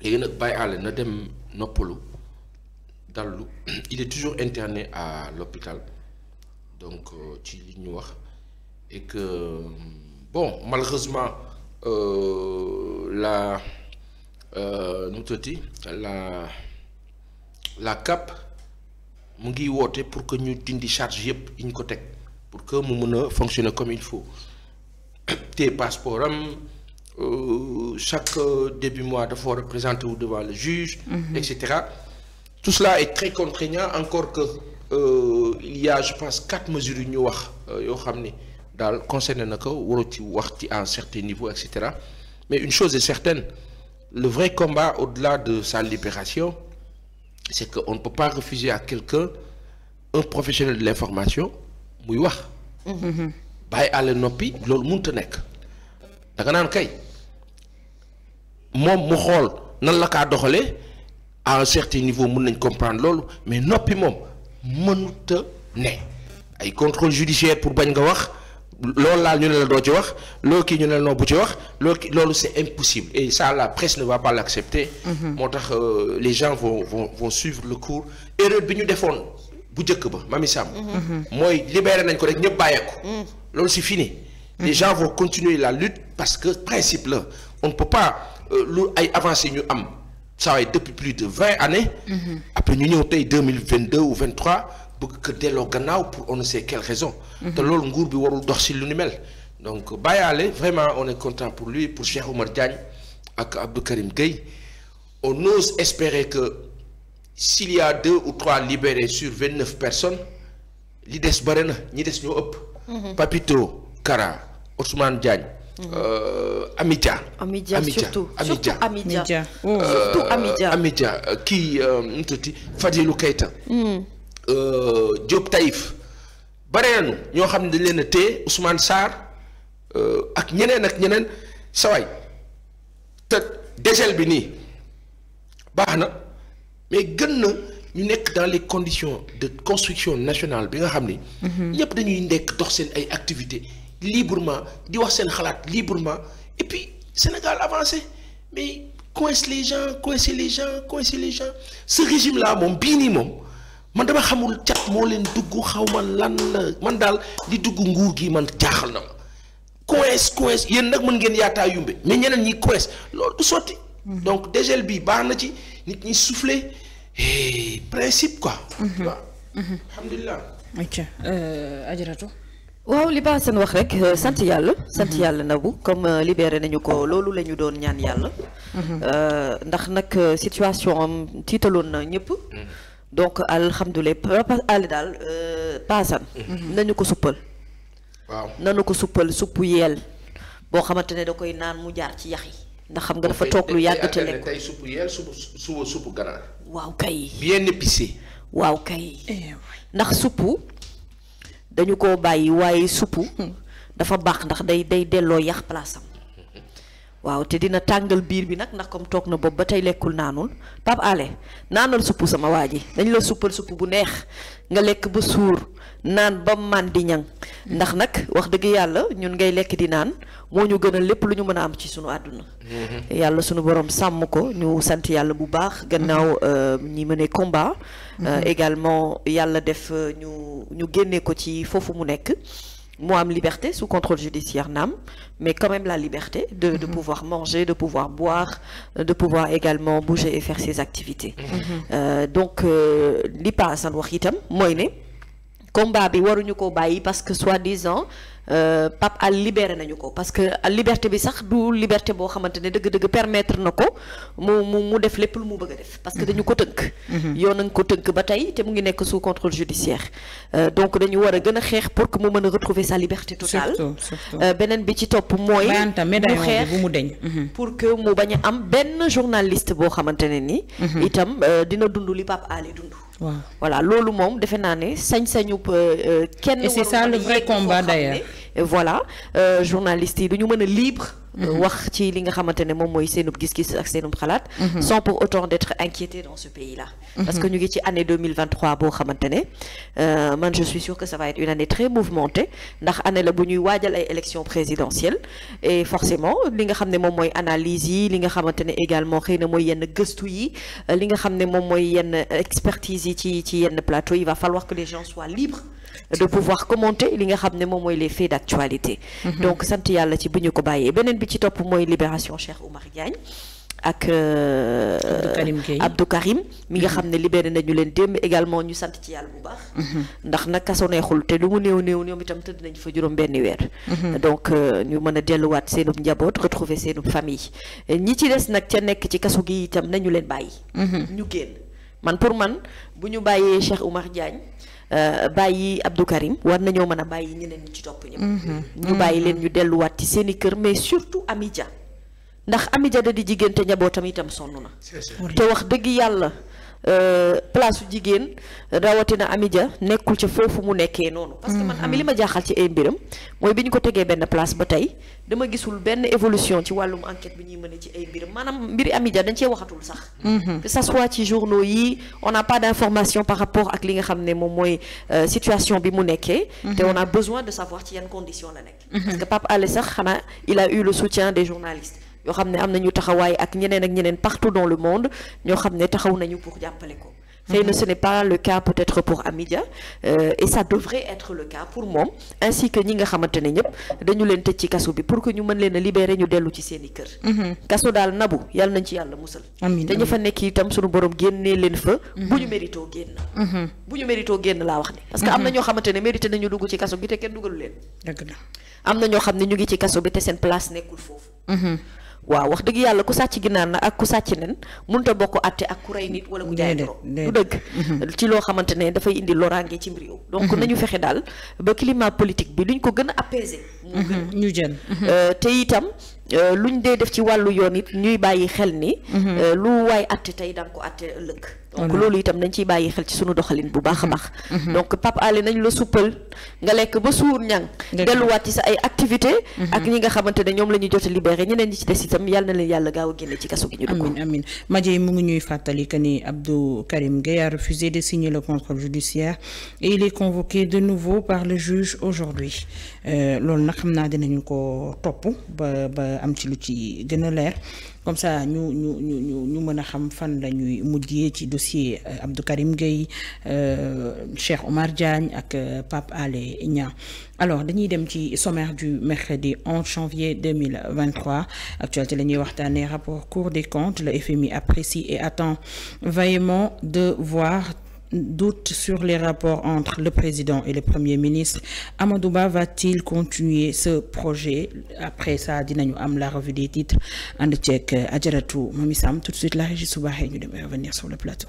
léegi nag Baye Allé na dem noppalu dallu il est toujours internet à l'hôpital donc euh, ci li ñu wax et euh, bon malheureusement euh, la euh, nu mu tuddati la la CAP mu ngi woote pour que ñu dindi charge yëpp yi ñu ko teg pour que mu mën a fonctionner comme il faut te passeport Euh, chaque euh, début mois dafa war a présenter wu devant le juge. Mm -hmm. et cetera tout cela est très contraignant encore que euh, il y a je pense quatre mesures yu ñu wax euh, yoo xam ni daal concerné na ko waroo ci wax ci à un certain niveau et cetera mais une chose est certaine le vrai combat au-delà de sa libération c'est que on ne peut pas refuser à quelqu'un un professionnel de l'information muy wax. Mhm. bàyyi àll noppi loolu mënut a nekk da naan kay. moom mu xool nan la kaa doxalee à un certain niveau mun nañ comprendre loolu mais noppi moom mënuta ne ay contrôle judiciaire pour bañ nga wax loolu laal ñu ne la doo ci wax loolu ki ñu ne la non bu ci wax loolu ki loolu c'est impossible et ça la presse ne va pas l'accepter mhm. moo tax euh, les gens vont vont vont suivre le cours erreur bi ñu defoon bu jëkk ba Mamy Samb mhm. mooy libéré nañ ko rek ñëpp bàyyeeku mhm. loolu c'est fini les gens continuer la lutte parce que principe là on ne Euh, lu ay avancé ñu am saa waay depuis plus de vingt années. Mm-hmm. après ñu ñëw tey deux mille vingt deux ou vingt trois bëgg ko delloo gannaaw pour on ne quelle raison. Mm-hmm. te loolu nguur bi warul dox si lu ni mel. donc Bayale vraiment on est content pour lui pour Cheikh Oumar Diagne ak Abdou Karim Gueye on ose espérer que s'il ou trois libérés sur vingt neuf personnes li des bare na ñi des ñoo ëpp. Mm-hmm. Papito Kara Ousmane Diagne. Euh, Amidia. Amidia surtout Amidia Amidia surtout Amidia Amidia kii oh. euh, euh, nu mu tudd Fadilou Keita. Hmm. Diop Taïf. bare nañu ñoo xam ne dañ leen a téye Ousmane Sarr ak ñeneen ak ñeneen saway te dégel bi nii baax na mais gën na ñu nekk dans les conditions de construction nationale bi nga xam ni. Mhm. ñëpp dañuy nekk dox seen ay activités. librement di wax seen xalaat librement et puis Sénégal avancé mais coince les gens coince les gens coince ce régime là moom bii nii moom man dama xamul cat moo leen dugg xaw ma lan man daal di dugg nguur gi man jaaxal na ma coince coince yéen nag mën ngeen yaataa yumbe mais ñeneen ñi coince loolu du sotti. Mhm. donc dégel bi baax na ci nit ñi soufflé principe quoi. waaw mhm. mhm. alhamdulilah. Ajaratu euh, waaw li ba seen wax rek euh, sant yàlla sant mhm. yàlla nabu comme euh, libéré nañu ko oh. loolu lañu doon ñaan yàlla mhm. euh, ndax nag situation am tiitaloon na ñëpp mhm. donc alhamdulilah àlli daal paasan nañu ko suppal waaw nañu ko suppal supp yeel boo xamante ne da koy naan mu jaar ci yax yi ndax xam nga dafa toog lu yàgg te lekk supp yeel supp supp ganaar waaw kay bien épicé waaw kay eh ndax supp dañu ko bàyyi waaye suppu dafa baax ndax day day delloo yax palaasam waaw te dina tàngal biir bi nag ndax comme toog na bopp ba tey lekkul naanul Pape Alé naanal supp sama waa ji dañ la suppal supp bu neex nga lekk ba suur naan ba man di ñang mm. ndax nag wax dëgg yàlla ñun ngay lekk di naan moo ñu gënal lépp lu ñu mën a am ci sunu àdduna mm-hmm. yàlla sunu borom sàmm ko ñu sant yàlla bu baax gannaaw mm-hmm. euh, ñi mëne combat euh, mm-hmm. également yàlla def euh, ñu ñu génne ko ci foofu mu nekk mu am liberté sous contrôle judiciaire naam mais quand même la liberté de de mm -hmm. pouvoir manger de pouvoir boire euh, de pouvoir également bouger et faire ses activités mm -hmm. euh, donc euh, li Pa Assane wax itam mooy ne combat bi waruñu ko bàyyi parce que soi-disant Euh, Pape Al libéré nañu ko parce que liberté bi sax du liberté boo xamante ne dëgg-dëgg permettre na ko mu mu mu def lépp lu mu bëgg a def parce que dañu ko tënk mm-hmm. yoon nga ko tënk ba tey te mu ngi nekk sous contrôle judiciaire euh, donc dañu war a gën a xeex pour que mu mën a retrouver sa liberté totale euh, beneen bi ci topp mooy ñu xeex mm-hmm. pour que mu bañ a am benn journaliste boo xamante ne ni mm-hmm. itam dina dund li Pape Alé dund voilà loolu moom defe naa ne sañ-sañu kenn et c'est ça le voilà euh, journaliste yi du ñu mën a libre Euh, wax ci li nga xamante ne moom mooy seenub gis-gis ak seenub xalaat mhm. sans pour autant d'être inquiété dans ce pays là mhm. parce que ñu ngi ci année boo xamante ne euh, man je suis sûr que ça va être une année très mouvementée ndax année la bu ñuy waajal ay élections présidentielles et forcément li nga xam ne moom mooy analyse yi li nga xamante ne également xëy na mooy yenn gëstu yi euh, li nga xam ne moom mooy yenn expertise yi ci ci yenn plateau yi va falloir de pouvoir commenter li nga ne moom mooy les faits bi ci topp mooy libération Cheikh Oumar Diagne ak euh, Abdou Karim mi nga mhm. xam ne libéré nañu leen démb également ñu sant ci yàlla bu baax mhm. ndax nag kaso neexul te lu mu néew néew new itam tëdd nañu fa juróom benn weer mhm. donc euh, ñu mën a delluwaat seenub njaboot retrouver seenub famille ñi ci des nag ca nekk ci kaso gi itam nañu leen bàyyi ñu génn man pour man bu ñu bàyyee Cheikh Oumar Diagne euh, bàyyi Abdou Karim war nañoo mën a bàyyi ñeneen ñi ci topp ñëpp. Mhm. ñu bàyyi mhm. leen ñu delluwaat ci seen i kër mais surtout Amidia ndax Amidia da di jigéen te njabootam itam sonn na. te wax dëgg yàlla. Euh, place su jigéen rawatina Amidia nekkul ca foofu mu nekkee noonu. parce que man mm-hmm. ami li ma jaaxal ci ay mbiram mooy bi ñu ko tegee benn place ba tey dama gisul benn évolution ci wàllum enquête bi ñuy mënee ci ay mbiram maanaam mbiri Amidia dañ cee waxatul sax. Mm-hmm. que ça soit ci journaux yi on n'a pas d'information par rapport ak li nga xam ne moom mooy euh, situation bi mu nekkee. Mm-hmm. te on a besoin de savoir ci yan condition la nekk. parce que Pape Alé sax xanaa il a eu des journalistes. yoo xam ne am nañu taxawaay ak ñeneen ak ñeneen partout dans le monde ñoo xam ne taxaw nañu pour jàppale ko. xëy mm-hmm. na ce n'est pas le cas peut-être pour Amidia euh, et ça devrait être le cas pour moom ainsi que ñi nga xamante ne dañu leen tëj ci kaso bi pour que ñu mën leen a i kër mm-hmm. mm-hmm. bu ñu méritoo génn bu ñu méritoo génn laa wax ne parce que am na ñoo xamante ne nañu dugg ci kaso bi te kenn dugalu leen dëgg la am na ñoo xam ne ñu ngi ci kaso bi waaw wax dëgg yàlla ku sàcc ginaar na ak ku sàcc nen munta bokk àtte ak ku rey nit wala ku jaay trop du dëgg mm-hmm. ci loo xamante ne dafay indi loraange ci réew donc mm-hmm. nañu fexe daal ba climat politique bi ñu ko gën a mm-hmm. ñu euh, te itam Euh, luñ dee def ci wàllu yoon it ñuy bàyyi xel ni. Mhm. Euh, lu waay atte tey da nga ko atte ëllëg. donc loolu itam dañ ciy bàyyi xel ci sunu doxalin bu baax a baax. Mhm. donc Pape Alé la suppal nga lekk ba suur ñang delluwaat ci sa ay activité mhm. ak ñi nga xamante ne ñoom la ñu jot a libéré ñeneen ñi ci des itam yal na leen yàlla gaaw a génne ci kaso gi ñu dugg. amiin amiin Madiaye mu ngi ñuy fàttali ni Abdou Karim Gueye a refusé de signer le contrôle judiciaire et il est convoqué de nouveau par le juge aujourd'hui euh, loolu ko topp ba ba. am ci lu ci gën leer comme ça ñu ñu ñu ñu ñu mën a xam fan lañuy ñuy mujjee ci dossier euh, Abdou Karim Gueye euh, Cheikh Omar Diagne ak euh, Pape ale ña alors dañuy dem ci sommaire du mercredi 11 janvier 2023 actualité la ñuy waxtaanee rapport Cour des comptes le FMI apprécie et attend vaillamment de voir doute sur les rapports entre le président et le premier ministre Amadou Ba va-t-il continuer ce projet après ça dinañu am la revue des titres ànd ceeg euh, Adjaratou Mami Sam tout de suite la régie suba xëy ñu dem revenir sur le plateau.